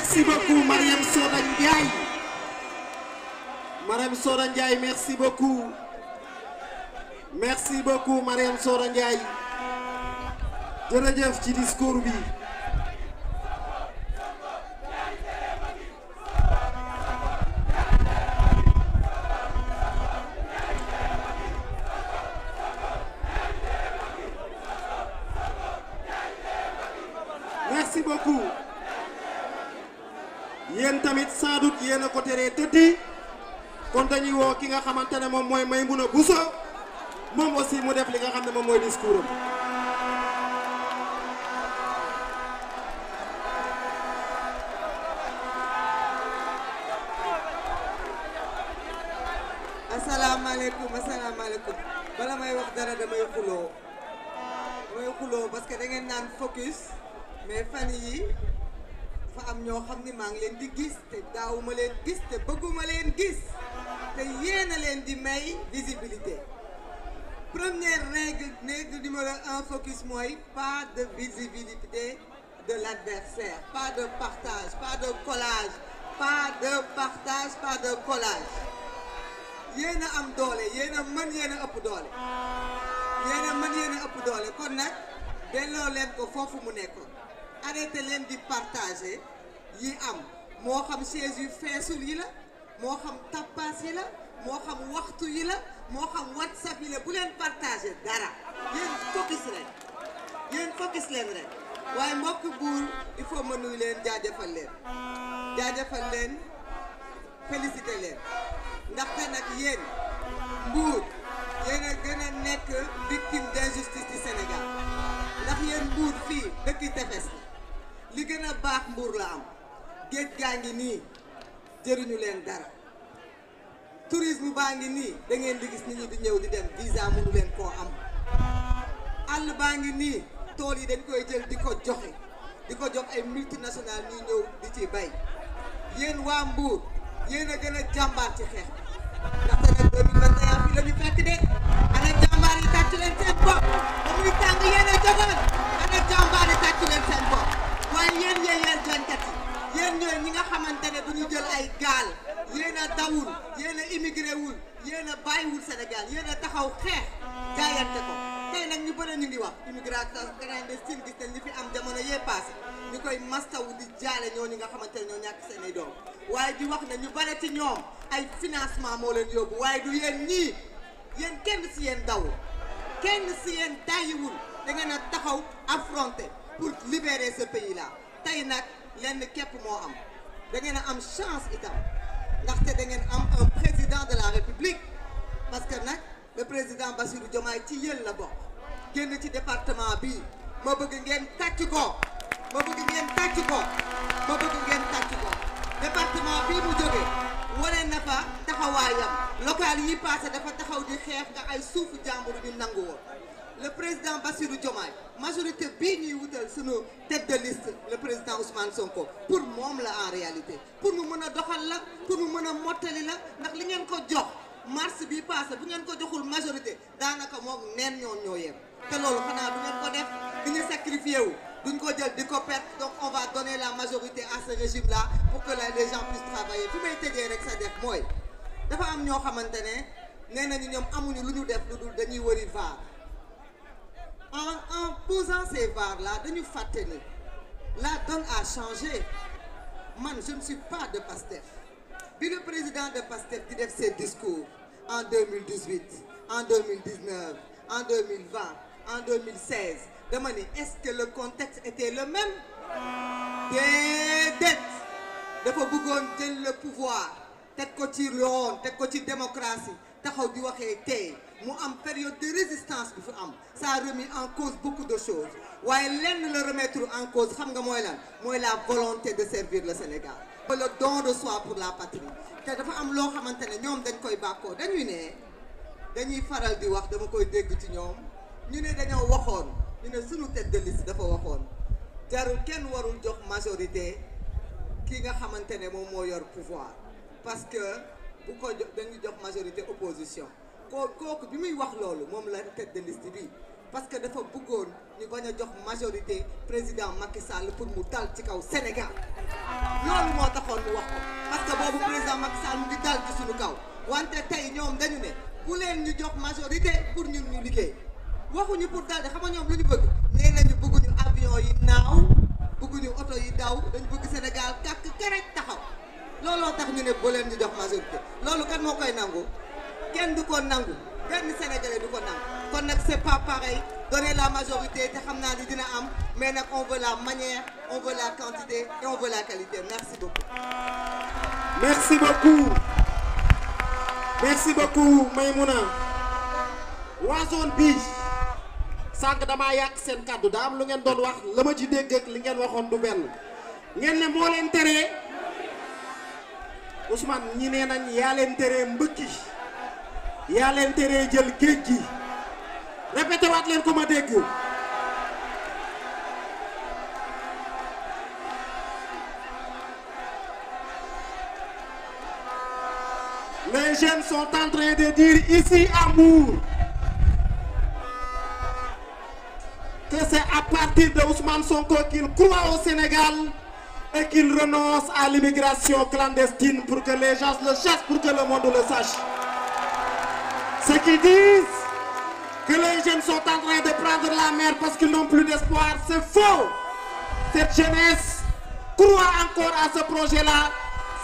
merci beaucoup Mariam Soda Ndiaye. Mariam Soda Ndiaye merci beaucoup. merci beaucoup Mariam Soda Ndiaye. jërëjëf ci discours bi. yéen tamit sans doute yéen a ko teree tëddi kon dañuy woo ki nga xamante ne moom mooy Maimouna Bousso moom aussi mu def li nga xam ne moom mooy discours am. asalaamaaleykum asalaamaaleykum bala may wax dara damay xuloo damay xuloo parce que naan focus mais fan yi dafa ñoo xam ni maa ngi leen di gis te gis te leen gis te di may visibilité mooy pas de visibilité de l'adversaire pas de partage pas de collage pas am doole yéen a mën yéen a ëpp doole yéen a mën yéen ëpp doole kon nag delloo leen ko foofu mu nekkoon arrêté leen di partager yi am moo xam chaise yu feesul yi la moo xam tappaas yi la moo xam waxtu yi la moo xam whatsapp yi la bu leen partager dara yéen focus rek yéen focus leen rek waaye mbokk buur il faut ma nuyu leen jaajëfal leen jaajëfal leen félicité leen ndaxte nag yéen mbuur yéen a gën a nekk victime d'injustice ci Sénégal ndax yéen mbuur fii dëkki tefes la li gën a baax mbuur la am géej gaa ngi nii jëriñu leen dara tourisme baa ngi nii dangeen ngeen di gis nit ñi di ñëw di dem visa mënu leen koo am àll baa ngi nii tool yi dañ koy jël di ko joxe di ko jox ay multinational ñuy ñëw di ci bay yéen waa Mbour yéen a gën a jàmbaar ci xeex ndaxte nag 2021 fi la ñu fekk de ana jàmbaar yi tàcc leen seen a jógoon leen seen bopp waaye yéen yéen yéen jànkat yi yéen ñi nga xamante ne du ñu jël ay gaal yéen a dawul yéen a immigré wul yéen a bàyyiwul Sénégal yéen a taxaw xeex jaayante ko tey nag ñu bëri ñu ngi wax immigration clandestine gis nañ li fi am jamono yee passé ñu koy mastawu di jaale ñi nga xamante ne ñoo ñàkk seen ay doom waaye di wax na ñu bare ci ñoom ay financement moo leen yóbbu waaye du yéen ñii yéen kenn si yéen dawul kenn si yéen tàyyiwul da ngeen a taxaw affronté pour libérer ce pays tey nag lenn képp moo am dangeen am chance itam ndaxte da ngeen am un président de la république parce nag le président Bassirou Diomaye ci yéen la bokk génn ci département bi ma bëgg ngeen tàcc ko ma bëgg ngeen tàcc ko ma bëgg mu jógee wane na fa taxawaayam local yi passé dafa taxaw di xeex nga ay suufu jàmbur ñu nangu woon le président Bassirou Diomaye majorité bii ñuy wutal sunu tête de liste le président Ousmane Sonko pour moom la en réalité pour mu mën a doxal la pour mu mën a mottali la ndax li ngeen ko jox mars bi passé bu ngeen ko joxul majorité daanaka moom neen ñoo ñoo yem te loolu xanaa du ngeen ko def du ñu sacrifié wu duñ ko jël di ko perte donc on va donner la majorité à ce régime là pour que les gens puissent travailler fi may tëjee rek sa def mooy dafa am ñoo xamante ne nee nañu ñoom amuñu lu ñu def dañuy wëri vaar en en posant ces barres là dañu fàtte ni la donne a changé man je ne suis pas de Pastef bi le président de Pastef di def ses discours en 2018 en 2019 en 2020 en 2016 dama ni est-ce que le contexte était le même déedéet dafa bëggoon jël le pouvoir teg ko ci yoon teg ko ci démocratie taxaw bi waxee tey mu am période de résistance bu fi am ça a en cause beaucoup de choses waaye lenn la remettre en cause xam nga mooy lan mooy la volonté de servir le Sénégal le don de soi pour la patrie te dafa am loo xamante ne ñoom dañ koy bàkkoo dañuy ne dañuy faral di wax dama koy dégg ci ñoom ñu ne dañoo waxoon ñu ne sunu tête de dafa waxoon jarul kenn warul jox majorité ki nga xamante ne moom moo yor pouvoir parce que ku ko jox dañu jox majorité opposition koo kooku bi muy wax loolu moom la tedd de liste bi parce que dafa bëggoon ñu bañ a jox majorité président Macky Sall pour mu dal ci kaw Sénégal loolu moo taxoon mu wax ko parce que boobu président Macky Sall mu ngi dal ci suñu kaw wante tey ñoom dañu ne ku leen ñu jox majorité pour ñun ñu liggéey waxuñu pour dal di xam nga ñoom lu ñu bëgg nee nañu bëgguñu avion yi naaw bëgguñu oto yi daw dañu bëgg Sénégal kàkk kerek taxaw looloo tax ñu ne boo leen di jox majorité loolu kan moo koy nangu kenn du ko nangu benn sénégalais du ko nangu kon nag c'est pas pareil donner la majorité te xam naa ni dina am mais nag on veut la manière on veut la quantité et on veut la qualité merci beaucoup. merci beaucoup merci beaucoup Maymouna waa zone bi sànq damaa yàq seen kàddu daa am lu ngeen doon wax la ma ci dégg li ngeen waxoon du benn ngeen ne moo leen teree. Ousmane ñi nee nañ yaa leen teree mbëkki yaa leen teree jël géej gi répété leen ko ma dégg. Les jeunes sont en de dire ici amour que c'est à partir de Ousmane Sonko qu'ils croient au Sénégal et qu'il renonce à l'immigration clandestine pour que les gens le chassent, pour que le monde le sache. Ceux qui disent que les jeunes sont en train de prendre la mer parce qu'ils n'ont plus d'espoir, c'est faux. Cette jeunesse croit encore à ce projet-là.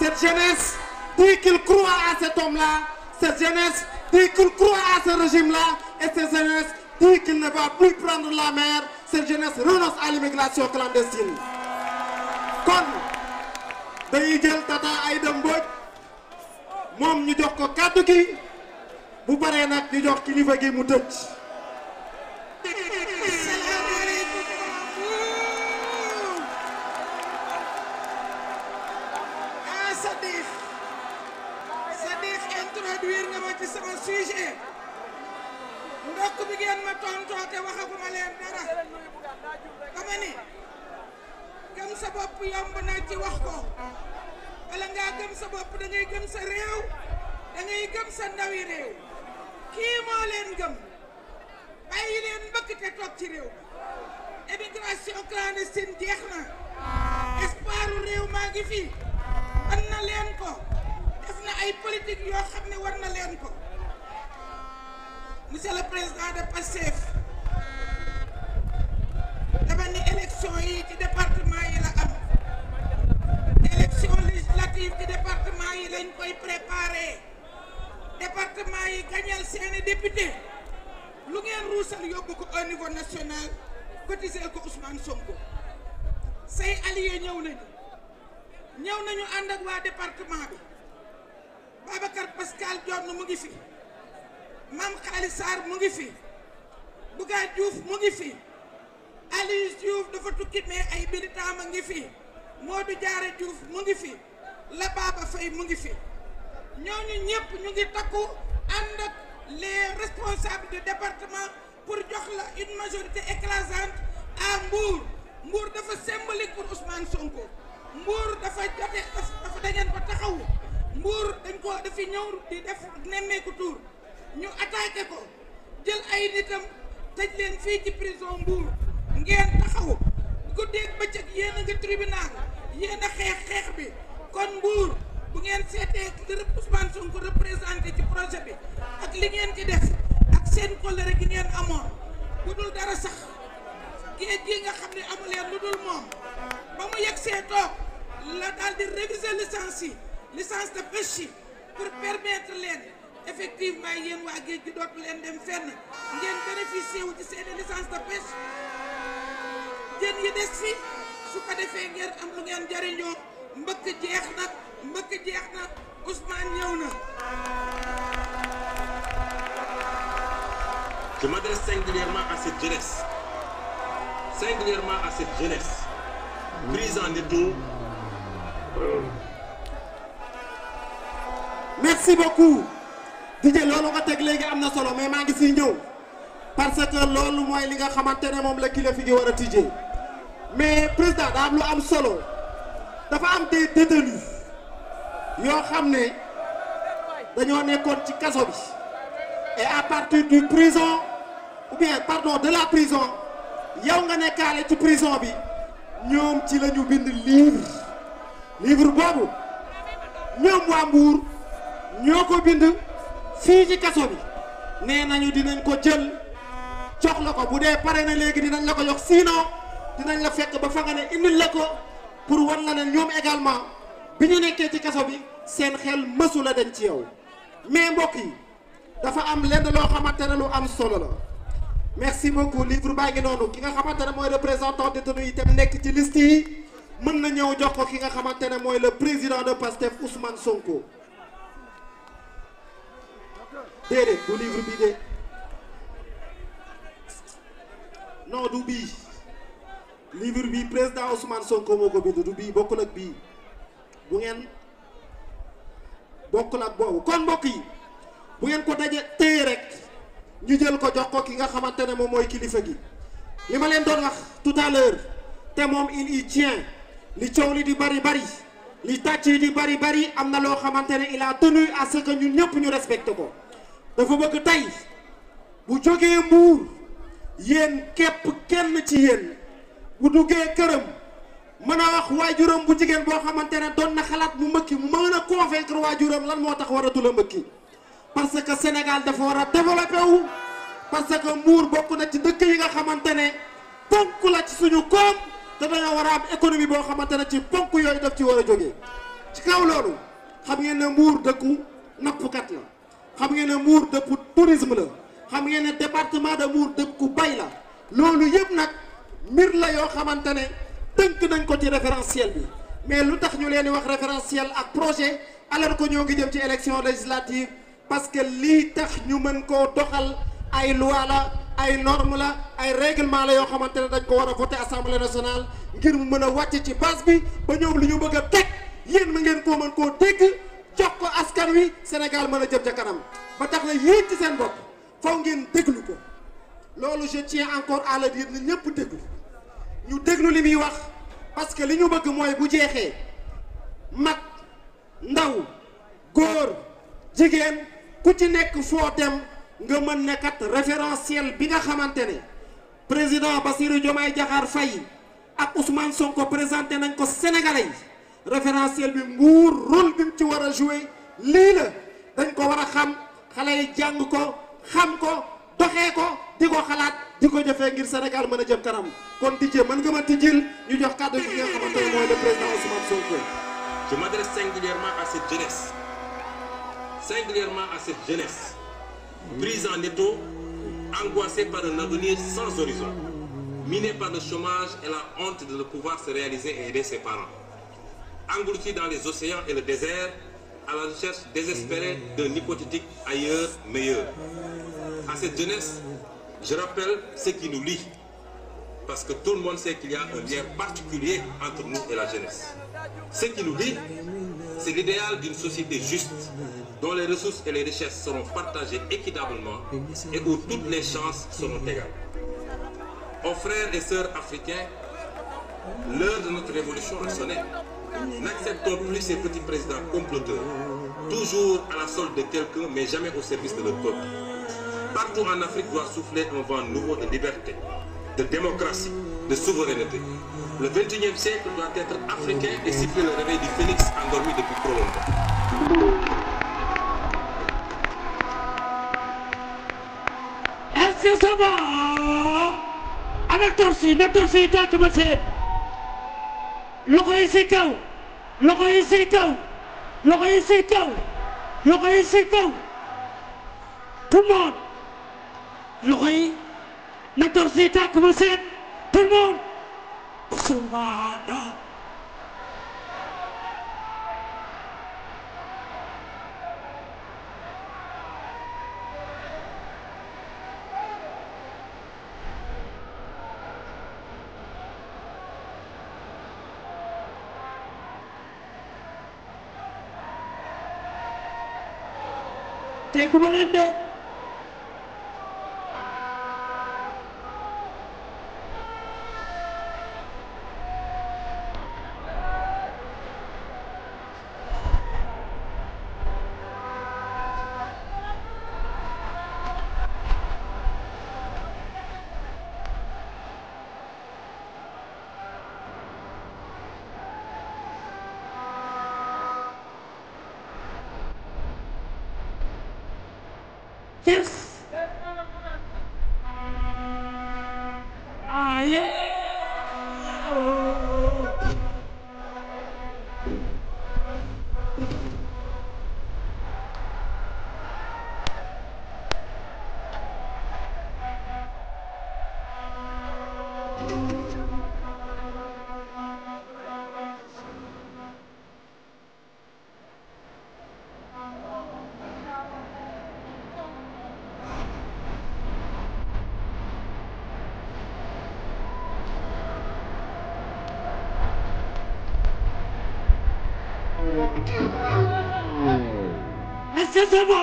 Cette jeunesse dit qu'il croit à cet homme-là. Cette jeunesse dit qu'il croit à ce régime-là. Et cette jeunesse dit qu'il ne va plus prendre la mer. Cette jeunesse renonce à l'immigration clandestine. kon dañuy jël Tata Aïda Mbodj moom ñu jox ko kàddu gi bu paree nag ñu jox kilifa gi mu tëj. Eh, introduire nga ma ci sama sujet ndokk bi ngeen ma tontoo te waxaguma leen dara dama gëm sa bopp yomb na ci wax ko ci réew émigration clandestine jeex na espoiru réew maa ngi fii mën na leen ko def na ay politique yoo xam ne war na leen ko monsieur le président de Pastef dama ni élection yi ci département législative ci département yi lañ koy préparé département yi gañal seeni say alliés ñëw nañu ñëw nañu ànd ak waa département bi Babacar Pascal Dione mu ngi fi Mame Khaly Sarr mu ngi fi Bouga Diouf mu ngi fi Aliou Diouf dafa tukki mais ay militant ma ngi fi Modou Diarra Diouf mu ngi fi la baaba fay mu ngi fi ñooñu ñëpp ñu ngi takku ànd ak les responsables de département pour jox la une majorité écrasante à Mbour Mbour dafa symbolique pour Ousmane Sonko Mbour dafa jote dangeen ko taxawu Mbour dañ ko dafi ñëw di def nemmeeku tour ñu attaqué ko jël ay nitam tëj leen fii ci prison Mbour ngeen taxawu guddeeg bëccëg yéen ngi tribunal yéen xeex xeex bi kon mbuur bu ngeen seetee li Ousmane Sonko représenté ci projet bi ak li ngeen ci def ak seen colère gi ngeen amoon bu dul dara sax géej gi nga xam ne amu lu dul moom ba mu yegsee toog la daal di réviser licence yi licence de pêche yi pour permettre leen effectivement yéen waa géej gi dootu leen dem fenn ngeen bénéficier ci seen licence de pêche jën yi des fi su ko defee ngeen am lu ngeen jariñoo mbëkk jeex na mbëkk jeex na Ousmane ñëw na. ma m'adresse singulièrement à cette jeunesse singulièrement à cette jeunesse prise en étau. merci beaucoup. Didier loolu nga teg léegi am na solo mais maa ngi si ñëw parce que loolu mooy li nga xamante ne moom la kilifa gi war a tijjee mais président daa am lu am solo. dafa am des détenus yoo xam ne dañoo nekkoon ci kaso bi et à partir du prison ou bien pardon de la prison yow nga nekkaale ci prison bi ñoom ci la ñu bind livre livre boobu ñoom waa Mbour ñoo ko bind fii ci kaso bi nee nañu dinañ ko jël jox la ko bu dee pare na léegi dinañ la ko jox sinon dinañ la fekk ba fa nga ne indil la ko. pour wan na ne ñoom également bi ñu nekkee ci kaso bi seen xel mësu la dañ ci yow mais mbokk yi dafa am lenn loo xamante ne lu am solo la merci beaucoup livre baa ngi noonu ki nga xamante ne mooy représentant détenu yi tam nekk ci liste yi mën na ñëw jox ko ki nga xamante ne mooy le président de PASTEF Ousmane Sonko déedéet du livre bi de non du bii livre bi président Ousmane Sonko moo ko bind du bii bokk ak bii bu ngeen bokk ak boobu kon mbokk yi bu ngeen ko daje téye rek ñu jël ko jox ko ki nga xamante ne moom mooy kilifa gi li ma leen doon wax tout te moom il y tient li coow li di bari bari li tàcc yi di bari bari am na loo xamante ne il a tenu à ce que ñun ñëpp ñu respecté ko dafa bëgg tey bu jógee mbuur yéen képp kenn ci yéen bu duggee këram mën a wax waajuram bu jigéen boo xamante ne doon na xalaat mu mbëkki mën a convaincre waajuram lan moo tax waratul a mbëkki parce que Sénégal dafa war a développé wu parce que Mbuur bokk na ci dëkk yi nga xamante ne ponk la ci suñu koom te dañoo war a am économie boo xamante ne ci ponk yooyu daf ci war a jógee ci kaw loolu xam ngeen ne Mbuur dëkku nappkat la xam ngeen ne Mbuur dëkku tourisme la xam ngeen ne département de Mbuur dëkku bay la loolu yëpp nag mbir la yoo xamante ne tënk nañ ko ci référentiel bi mais lu tax ñu leen di wax référentiel ak projet alors que ñoo ngi jëm ci élection législative parce que lii tax ñu mën koo doxal ay loi la ay norme la ay règlement la yoo xamante ne dañ ko war a voter assemblée nationale ngir mu mën a wàcc ci base bi ba ñoom li ñu bëgg a teg yéen ma ngeen koo mën koo dégg jox ko askan wi Sénégal mën a jëm ca kanam ba tax na yéen ci seen bopp faw ngeen déglu ko loolu je tiens encore à le dire ni ñëpp déglu ñu déglu li muy wax parce que li ñu bëgg mooy bu jeexee mag ndaw góor jigéen ku ci nekk foo nga mën ne kat référentiel bi nga xamante ne président Bassirou Diomaye Diakhar Faye ak Ousmane Sonko présenté nañ ko Sénégalais yi référentiel bi mbuur rôle bi mu ci war a joué lii la dañ ko war a xam xale yi jàng ko xam ko doxee ko di ko xalaat. di ko jëfee ngir Sénégal mën a jëm kanam kon DJ mën nga ma tijjil ñu jox kàddu gi nga xamante ne mooy président Ousmane Sonko. je m'adresse singulièrement à cette jeunesse singulièrement à cette jeunesse prise en étau angoissée par un avenir sans horizon minée par le chômage et la honte de ne pouvoir se réaliser et aider ses parents dans les océans et le désert à la recherche désespérée d'un hypothétique ailleurs meilleur à cette jeunesse Je rappelle ce qui nous lie, parce que tout le monde sait qu'il y a un lien particulier entre nous et la jeunesse. Ce qui nous lie, c'est l'idéal d'une société juste, dont les ressources et les richesses seront partagées équitablement et où toutes les chances seront égales. Aux frères et sœurs africains, l'heure de notre révolution a sonné. N'acceptons plus ces petits présidents comploteurs, toujours à la solde de quelqu'un, mais jamais au service de leur partout en Afrique doit souffler un vent nouveau de liberté, de démocratie, de souveraineté. Le 21e siècle doit être africain et siffler le réveil du phénix endormi depuis trop longtemps. Est-ce que ça va avec torsi na torsi yi tàkk ba see loxo yi si kaw loxo yi si kaw loxo yi si kaw loxo yi si kaw tout le monde loxo yi nañ door si tàkk ba seet tout le monde subhanallah te ku ma leen de Yes. Gassama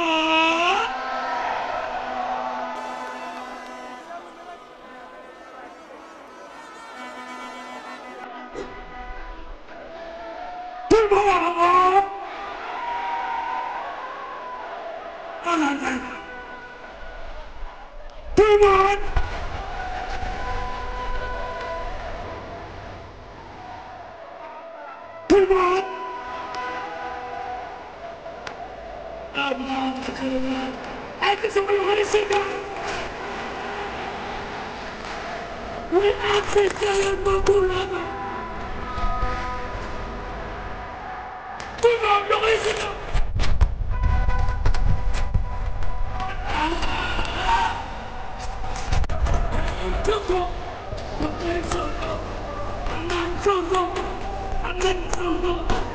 Come on! 부탁이니 밝은 걸로 시다 우리 앞을 따라만 보라봐 뜨거운 영을 시다 뜨거 안 뜨거 안 뜨거 안 뜨거